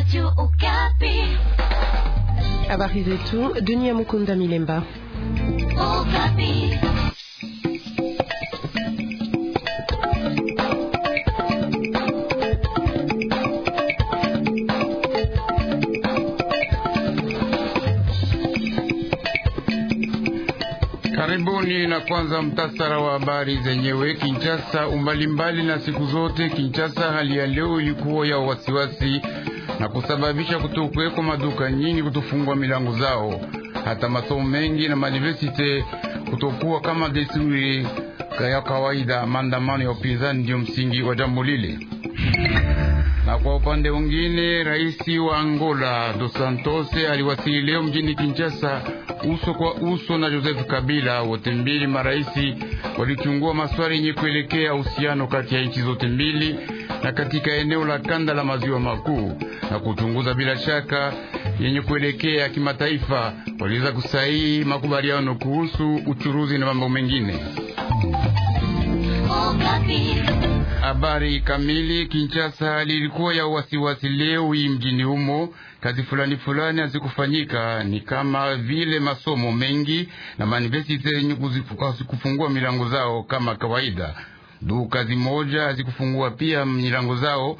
Radio Okapi. Habari zetu, Dunia Mukunda Milemba. Okapi. Karibuni na kwanza mtasara wa habari zenyewe. Kinshasa umbalimbali na siku zote Kinshasa, hali ya leo ilikuwa ya wasiwasi na kusababisha kutokuweko maduka nyingi kutofungwa milango zao, hata masomo mengi na mauniversite kutokuwa kama desturi ya kawaida. Maandamano ya upinzani ndiyo msingi wa jambo lile. Na kwa upande mwingine, rais wa Angola Dos Santos aliwasili leo mjini Kinshasa uso kwa uso na Joseph Kabila. Wote mbili maraisi walichungua maswali yenye kuelekea uhusiano kati ya nchi zote mbili na katika eneo la kanda la maziwa makuu na kuchunguza bila shaka yenye kuelekea kimataifa. Waliweza kusaini makubaliano kuhusu uchuruzi na mambo mengine. Habari kamili. Kinshasa lilikuwa ya wasiwasi leo hii mjini humo, kazi fulani fulani hazikufanyika, ni kama vile masomo mengi na manivesite zenye hazikufungua milango zao kama kawaida. Duka zimoja hazikufungua pia milango zao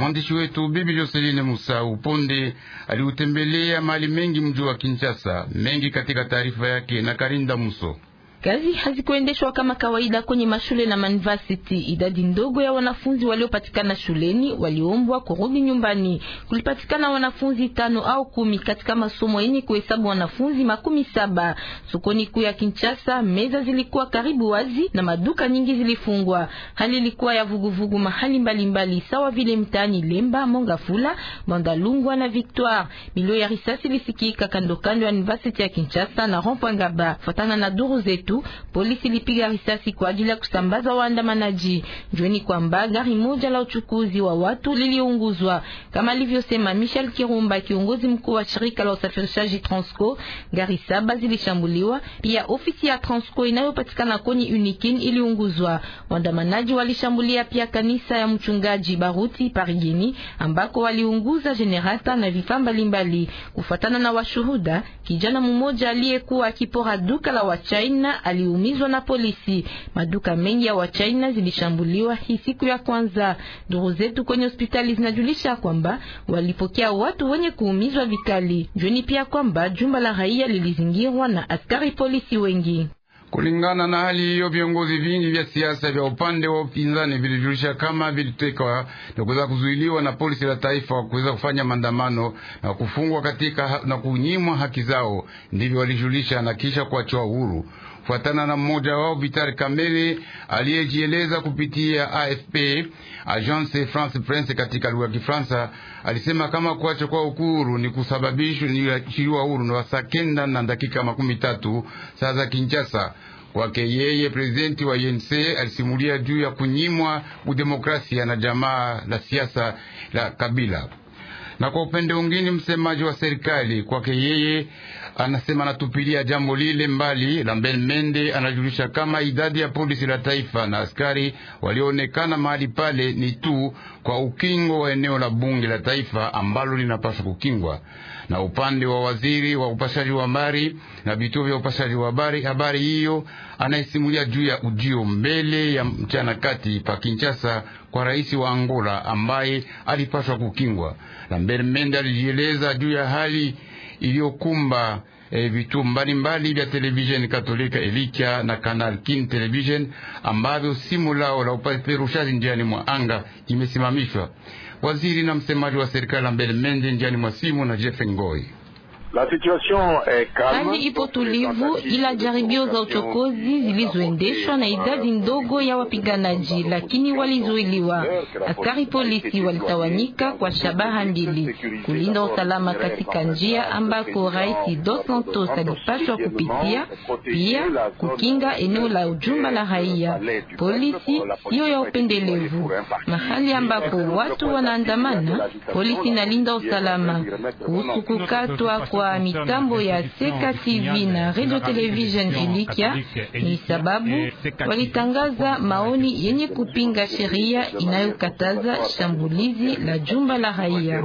Mwandishi wetu Bibi Joseline Musa Uponde aliutembelea mali mengi mji wa Kinshasa, mengi katika taarifa yake na Karinda Muso. Kazi hazikuendeshwa kama kawaida kwenye mashule na university. Idadi ndogo ya wanafunzi waliopatikana shuleni waliombwa kurudi nyumbani. Kulipatikana wanafunzi tano au kumi katika masomo yenye kuhesabu wanafunzi makumi saba. Sokoni kuu ya Kinshasa meza zilikuwa karibu wazi na maduka nyingi zilifungwa. Hali ilikuwa ya vuguvugu mahali mbalimbali mbali, sawa vile mtaani Lemba, Mongafula, Mandalungwa na Victoire. Milio ya risasi lisikika kando kando ya university ya Kinshasa na Rompwangaba. Fatana na duru zetu tatu, polisi ilipiga risasi kwa ajili ya kusambaza waandamanaji. Jueni kwamba gari moja la uchukuzi wa watu liliunguzwa, kama alivyosema Michel Kirumba, kiongozi mkuu wa shirika la usafirishaji Transco. Gari saba zilishambuliwa, pia ofisi ya Transco inayopatikana kwenye Unikin iliunguzwa. Waandamanaji walishambulia pia kanisa ya mchungaji Baruti Parigini, ambako waliunguza jenerata na vifaa mbalimbali. Kufuatana na washuhuda, kijana mmoja aliyekuwa akipora duka la Wachaina aliumizwa na polisi. Maduka mengi ya Wachina zilishambuliwa hii siku ya kwanza. Ndugu zetu kwenye hospitali zinajulisha kwamba walipokea watu wenye kuumizwa vikali. Jueni pia kwamba jumba la raia lilizingirwa na askari polisi wengi. Kulingana na hali hiyo, viongozi vingi vya siasa vya upande wa upinzani vilijulisha kama vilitekwa na kuweza kuzuiliwa na polisi la taifa wa kuweza kufanya maandamano na kufungwa katika na kunyimwa haki zao, ndivyo walijulisha na kisha kuachiwa huru kufuatana na mmoja wao vitali Kamere aliyejieleza kupitia AFP Agence France Presse katika lugha ya Kifaransa alisema kama kuacha kwa uhuru ni kusababishwa ni kuachiliwa huru na saa kenda na dakika makumi tatu saa za Kinshasa. Kwake yeye prezidenti wa UNC alisimulia juu ya kunyimwa udemokrasia na jamaa la siasa la Kabila. Na kwa upande mwingine, msemaji wa serikali kwake yeye anasema anatupilia jambo lile mbali. Lambert Mende anajulisha kama idadi ya polisi la taifa na askari walioonekana mahali pale ni tu kwa ukingo wa eneo la bunge la taifa ambalo linapaswa kukingwa na upande wa waziri wa upashaji wa habari na vituo vya upashaji wa habari. Habari hiyo anaisimulia juu ya ujio mbele ya mchana kati pa Kinshasa kwa rais wa Angola ambaye alipaswa kukingwa. Lambert Mende alijieleza juu ya hali iliyokumba e, eh, vituo mbalimbali vya televisheni Katolika elikya na Canal Kin Television ambavyo simu lao la upeperushaji njiani mwa anga imesimamishwa. Waziri na msemaji wa serikali Ambele Mende njiani mwa simu na Jeff Ngoi Hali ipo tulivu, ila jaribio za uchokozi zilizoendeshwa na idadi ndogo ya wapiganaji, lakini walizuiliwa. Askari polisi walitawanyika kwa shabaha mbili: kulinda usalama katika njia ambako Rais Dos Santos alipaswa kupitia, pia kukinga eneo la ujumba la raia. Polisi hiyo ya upendelevu, mahali ambako watu wanaandamana, polisi nalinda usalama. Kuhusu kukatwa kwa kwa mitambo ya Seka TV na Radio Television Ilikia ni sababu walitangaza maoni yenye kupinga sheria inayokataza shambulizi la jumba la raia.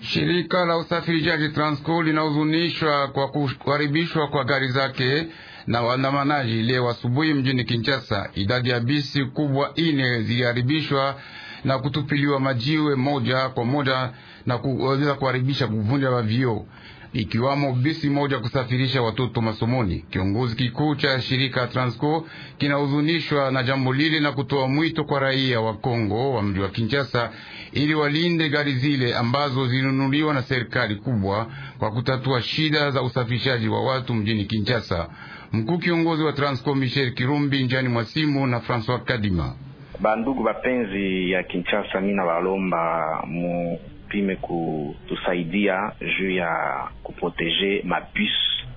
Shirika la usafirishaji Transco linahuzunishwa kwa kuharibishwa kwa gari zake na waandamanaji leo asubuhi mjini Kinshasa. Idadi ya bisi kubwa ine ziliharibishwa na kutupiliwa majiwe moja kwa moja na kuweza kuharibisha kuvunja mavio ikiwamo bisi moja kusafirisha watoto masomoni. Kiongozi kikuu cha shirika Transco kinahuzunishwa na jambo lile na kutoa mwito kwa raia wa Kongo wa mji wa Kinshasa ili walinde gari zile ambazo zinunuliwa na serikali kubwa kwa kutatua shida za usafirishaji wa watu mjini Kinshasa. Mkuu kiongozi wa Transco Michel Kirumbi njani mwasimu na Francois Kadima bandugu bapenzi ya Kinshasa, mi nawalomba balomba mupime kutusaidia juu ya kuproteje mabus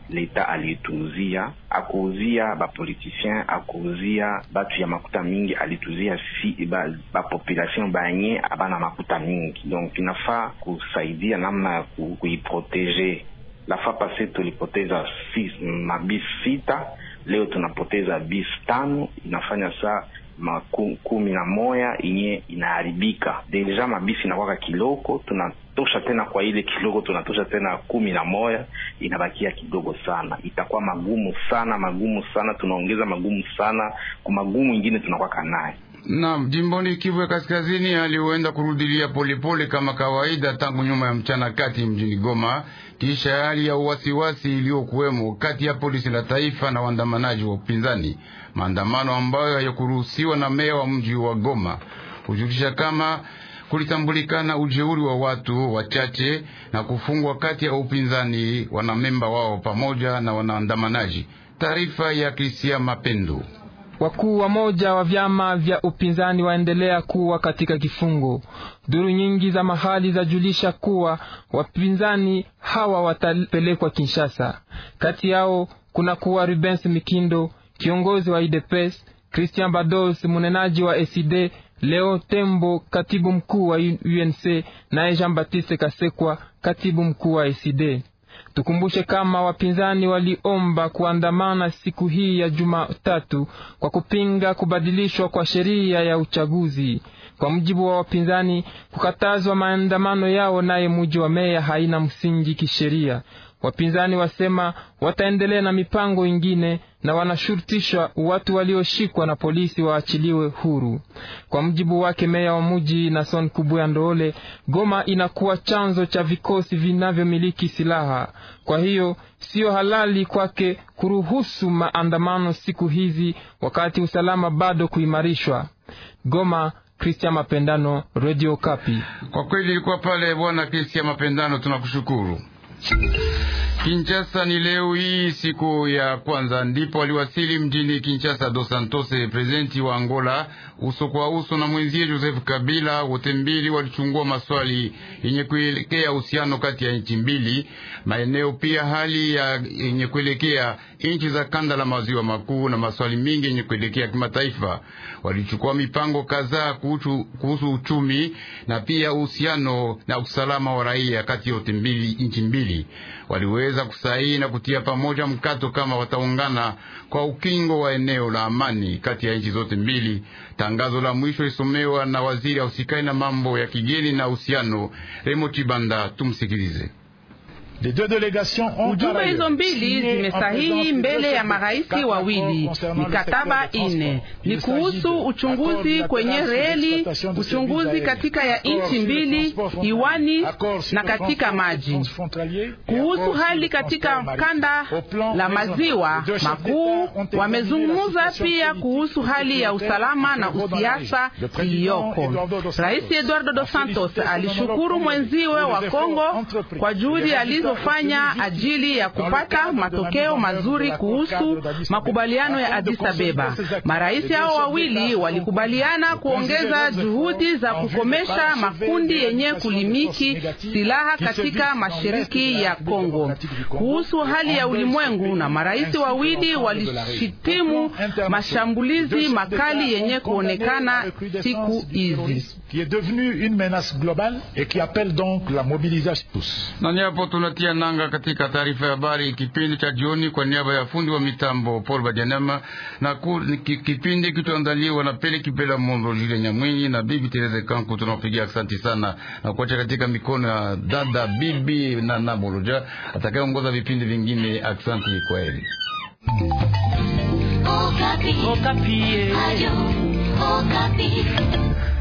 leta alituzia akuuzia bapolitisien akuuzia batu ya makuta mingi, alituzia si bapopulation ba banye abana makuta mingi. Donc inafaa kusaidia namna ya ku, la Lafa pase tulipoteza si, mabis sita, leo tunapoteza bis tano, inafanya saa makumi kumi na moya inye inaharibika deja, mabisi inakwaka kiloko, tunatosha tena kwa ile kiloko, tunatosha tena kumi na moya inabakia kidogo sana, itakuwa magumu sana, magumu sana, tunaongeza magumu sana kwa magumu ingine tunakwaka naye na jimboni Kivu ya Kaskazini hali huenda kurudilia polepole kama kawaida tangu nyuma ya mchana kati mjini Goma, kisha hali ya uwasiwasi iliyokuwemo kati ya polisi la taifa na waandamanaji wa upinzani, maandamano ambayo hayakuruhusiwa na meya wa mji wa Goma kujulisha kama kulitambulikana ujeuri wa watu wachache na kufungwa kati ya upinzani wanamemba wao pamoja na wanaandamanaji. Taarifa ya Krisia Mapendo. Wakuu wa moja wa vyama vya upinzani waendelea kuwa katika kifungo. Duru nyingi za mahali zajulisha kuwa wapinzani hawa watapelekwa Kinshasa. Kati yao kuna kuwa Rubens Mikindo, kiongozi wa UDPS, Christian Bados, munenaji wa ECD, Leo Tembo, katibu mkuu wa UNC, naye Jean Baptiste Kasekwa, katibu mkuu wa sid Tukumbushe kama wapinzani waliomba kuandamana siku hii ya Jumatatu kwa kupinga kubadilishwa kwa sheria ya uchaguzi. Kwa mujibu wa wapinzani, kukatazwa maandamano yao naye muji wa meya haina msingi kisheria. Wapinzani wasema wataendelea na mipango ingine na wanashurutisha watu walioshikwa na polisi waachiliwe huru. Kwa mjibu wake meya wa muji Nason Kubuya Ndoole, Goma inakuwa chanzo cha vikosi vinavyomiliki silaha. Kwa hiyo siyo halali kwake kuruhusu maandamano siku hizi wakati usalama bado kuimarishwa. Goma, kristia Mapendano, Radio Kapi. Kwa kweli ilikuwa pale, Bwana Kristian Mapendano, tunakushukuru. Kinshasa ni leo hii siku ya kwanza ndipo aliwasili mjini Kinshasa Dos Santos, prezidenti wa Angola, uso kwa uso na mwenzie Joseph Kabila. Wote mbili walichungua maswali yenye kuelekea uhusiano kati ya nchi mbili, maeneo pia hali ya yenye kuelekea nchi za kanda la maziwa makuu na maswali mingi yenye kuelekea kimataifa. Walichukua mipango kadhaa kuhusu uchumi na pia uhusiano na usalama wa raia kati ya wote mbili nchi mbili waliwe wataweza kusaini na kutia pamoja mkato kama wataungana kwa ukingo wa eneo la amani kati ya nchi zote mbili. Tangazo la mwisho lisomewa na waziri ausikani na mambo ya kigeni na uhusiano Remo Chibanda. Tumsikilize. Ujumbe hizo mbili zimesahihi mbele ya maraisi wawili mikataba ine ni kuhusu uchunguzi kwenye reli, uchunguzi katika ya nchi mbili iwani na katika maji, kuhusu hali katika kanda la maziwa makuu. Wamezungumza pia kuhusu hali ya usalama na usiasa iliyoko. Rais Eduardo dos Santos alishukuru mwenziwe wa Kongo kwa juhudi alizo tunazofanya ajili ya kupata matokeo mazuri kuhusu makubaliano ya Addis Abeba. Marais hao wawili walikubaliana kuongeza juhudi za kukomesha makundi yenye kulimiki silaha katika mashariki ya Kongo. Kuhusu hali ya ulimwengu, na marais wawili walishitimu mashambulizi makali yenye kuonekana siku hizi. Na hapo tuna tunatia nanga katika taarifa ya habari kipindi cha jioni kwa niaba ya fundi wa mitambo Paul Bajanama na ku, kipindi kitoandaliwa na Pele Kipela Mondo Jule Nyamwinyi na Bibi Tereze Kanku. Tunawapigia asante sana na kuacha katika mikono ya dada Bibi na Naboloja atakayeongoza vipindi vingine. Asante kwa heri. Okapi. Oh, Okapi. Oh, Ayo. Okapi. Oh,